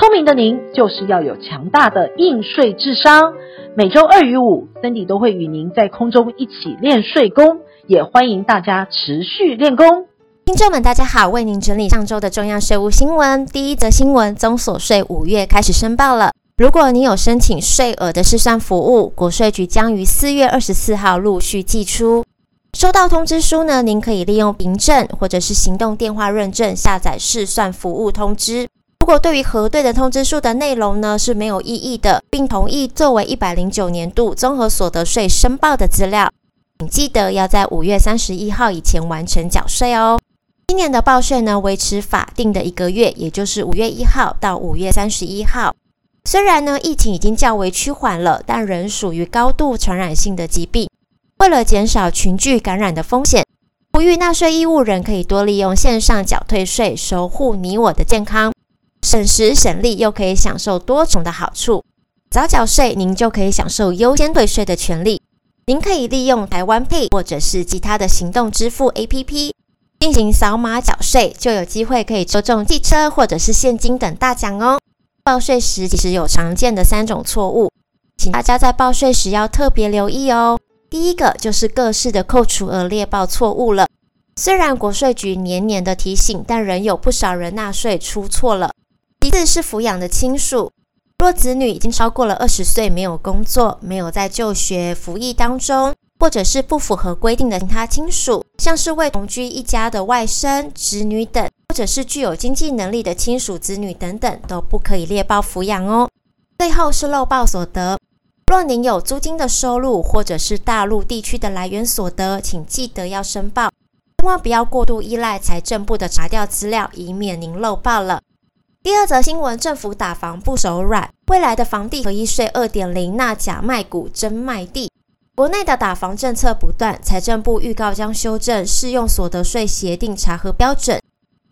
聰明的您就是要有強大的硬稅智商。每週二與五，Cindy 都會與您在空中一起練稅功，也歡迎大家持續練功。聽眾們，大家好，為您整理上周的重要稅務新聞。第一則新聞：綜所稅五月開始申報了。如果你有申請稅額的試算服務，國稅局將於四月二十四號陸續寄出。收到通知書呢，您可以利用憑證或者是行動電話認證下載試算服務通知。如果對於核對的通知書的內容呢，是沒有異議的，並同意作為一百零九年度綜合所得稅申報的資料，請記得要在五月三十一號以前完成繳稅哦。今年的報稅呢，維持法定的一個月，也就是五月一號到五月三十一號。雖然呢，疫情已經較為趨緩了，但仍屬於高度傳染性的疾病。為了減少群聚感染的風險，呼籲納稅義務人可以多利用線上繳退稅，守護你我的健康。省時省力又可以享受多重的好處，早繳稅您就可以享受優先退稅的權利。您可以利用台灣 Pay 或者是其他的行動支付 APP 進行掃碼繳稅，就有機會可以抽中汽車或者是現金等大獎哦。報稅時其實有常見的三種錯誤，請大家在報稅時要特別留意哦。第一個就是各式的扣除額列報錯誤了，雖然國稅局年年的提醒，但仍有不少人納稅出錯了。四是撫養的親屬，若子女已經超過了二十歲，沒有工作，沒有在就學、服役當中，或者是不符合規定的其他親屬，像是未同居一家的外甥、侄女等，或者是具有經濟能力的親屬子女等等，都不可以列報撫養哦。最後是漏報所得，若您有租金的收入，或者是大陸地區的來源所得，請記得要申報，千萬不要過度依賴財政部的查調資料，以免您漏報了。第二則新聞，政府打房不手軟，未來的房地合一稅二點零，那假賣股真賣地。國內的打房政策不斷，財政部預告將修正適用所得稅協定查核標準，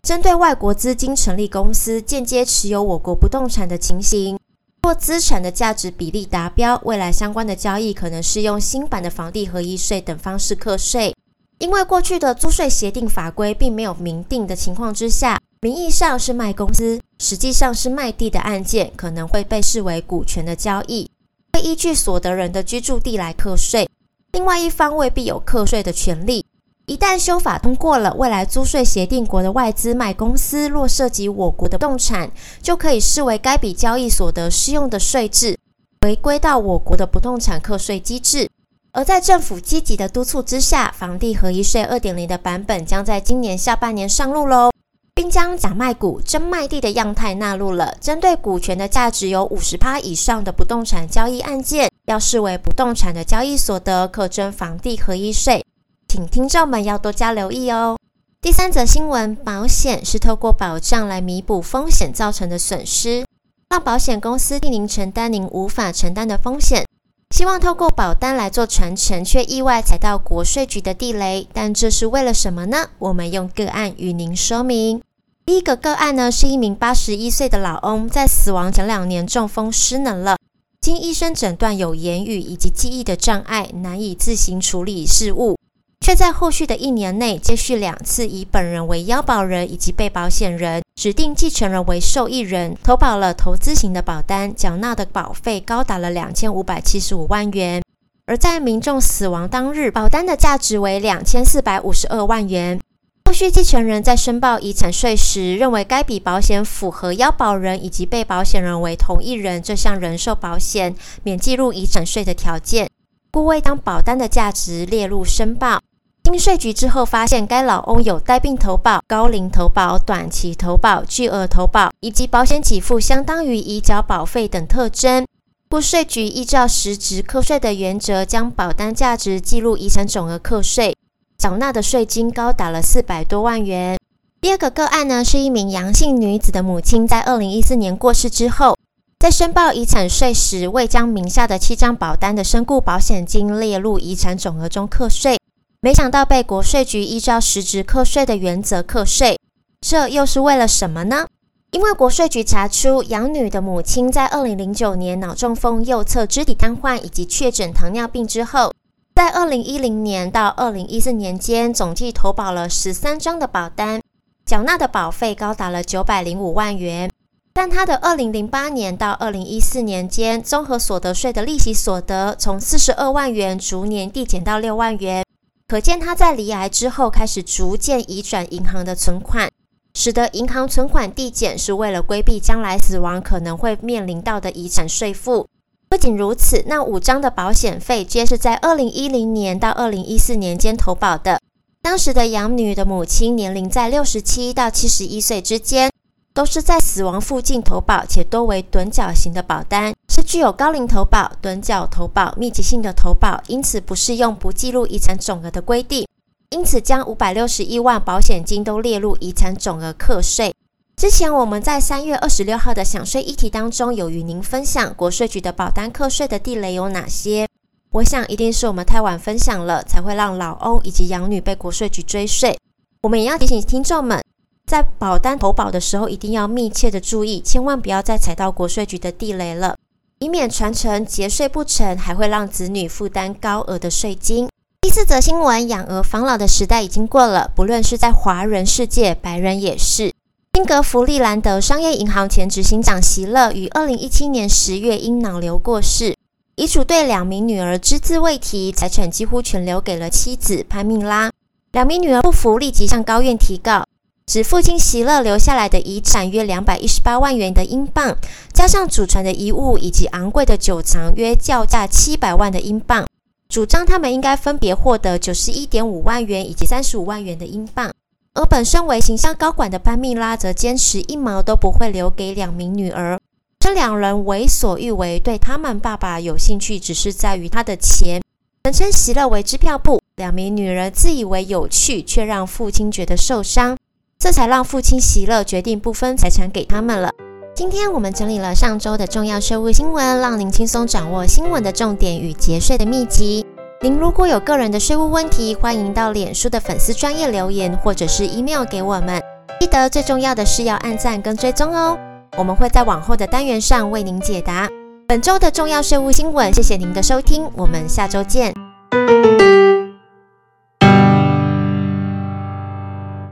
針對外國資金成立公司間接持有我國不動產的情形，若資產的價值比例達標，未來相關的交易可能適用新版的房地合一稅等方式課稅。因為過去的租稅協定法規並沒有明定的情況之下，名義上是賣公司。實際上是賣地的案件可能會被視為股權的交易，會依據所得人的居住地來課稅。另外一方未必有課稅的權利。一旦修法通過了，未來租稅協定國的外資賣公司若涉及我國的不動產，就可以視為該筆交易所得適用的稅制，回歸到我國的不動產課稅機制。而在政府積極的督促之下，房地合一稅2.0的版本將在今年下半年上路嘍。並將假賣股真賣地的樣態納入了，針對股權的價值有五十趴以上的不動產交易案件，要視為不動產的交易所得，可徵房地合一稅。請聽眾們要多加留意哦！第三則新聞，保險是透過保障來彌補風險造成的損失，讓保險公司替您承擔您無法承擔的風險。希望透過保單來做傳承，卻意外踩到國稅局的地雷，但這是為了什麼呢？我們用個案與您說明。第一個個案呢，是一名八十一歲的老翁，在死亡前兩年中風失能了，經醫生診斷有言語以及記憶的障礙，難以自行處理事務，卻在後續的一年內，接續兩次以本人為要保人以及被保險人，指定繼承人為受益人，投保了投資型的保單，繳納的保費高達了兩千五百七十五萬元，而在民眾死亡當日，保單的價值為兩千四百五十二萬元。後續繼承人在申報遺產稅時，認為該筆保險符合“要保人以及被保險人為同一人”這項人壽保險免計入遺產稅的條件，故未將保單的價值列入申報。經稅局之後發現，該老翁有帶病投保、高齡投保、短期投保、巨額投保以及保險給付相當於已繳保費等特徵，不過稅局依照實質課稅的原則，將保單價值計入遺產總額課稅。繳納的稅金高達了四百多萬元。第二個個案呢，是一名楊姓女子的母親，在二零一四年過世之後，在申報遺產稅時，未將名下的七張保單的身故保險金列入遺產總額中課稅，沒想到被國稅局依照實質課稅的原則課稅。這又是為了什麼呢？因為國稅局查出楊女的母親在二零零九年腦中風、右側肢體癱瘓以及確診糖尿病之後。在二零一零年到二零一四年間，總計投保了十三張的保單，繳納的保費高達了九百零五萬元。但他的二零零八年到二零一四年間，綜合所得稅的利息所得從四十二萬元逐年遞減到六萬元，可見他在罹癌之後開始逐漸移轉銀行的存款，使得銀行存款遞減，是為了規避將來死亡可能會面臨到的遺產稅負。不僅如此，那五張的保險費皆是在二零一零年到二零一四年間投保的。當時的養女的母親年齡在六十七到七十一歲之間，都是在死亡附近投保，且多為躉繳型的保單，是具有高齡投保、躉繳投保、密集性的投保，因此不適用不計入遺產總額的規定，因此將五百六十一萬保險金都列入遺產總額課稅。之前我們在三月二十六號的享稅議題當中，有與您分享國稅局的保單課稅的地雷有哪些。我想一定是我們太晚分享了，才會讓老翁以及養女被國稅局追稅。我們也要提醒聽眾們，在保單投保的時候，一定要密切的注意，千萬不要再踩到國稅局的地雷了，以免傳承節稅不成，還會讓子女負擔高額的稅金。第四則新聞：養兒防老的時代已經過了，不論是在華人世界，白人也是。英格福利蘭的商業銀行前執行長席勒於二零一七年十月因腦瘤過世，遺囑對兩名女兒只字未提，財產幾乎全留給了妻子潘米拉。兩名女兒不服，立即向高院提告，指父親席勒留下來的遺產約兩百一十八萬元的英鎊，加上祖傳的遺物以及昂貴的酒藏約，叫價七百萬的英鎊，主張他們應該分別獲得九十一點五萬元以及三十五萬元的英鎊。而本身為行銷高管的班密拉則堅持一毛都不會留給兩名女兒，這兩人為所欲為，對他們爸爸有興趣，只是在於他的錢。人稱席勒為支票簿，兩名女兒自以為有趣，卻讓父親覺得受傷，這才讓父親席勒決定不分財產給他們了。今天我們整理了上周的重要稅務新聞，讓您輕鬆掌握新聞的重點與節稅的祕籍。您如果有個人的稅務問題，歡迎到臉書的粉絲專頁留言，或者是 email 給我們。記得最重要的是要按讚跟追蹤哦，我們會在往後的單元上為您解答。本週的重要稅務新聞。謝謝您的收聽，我們下週見。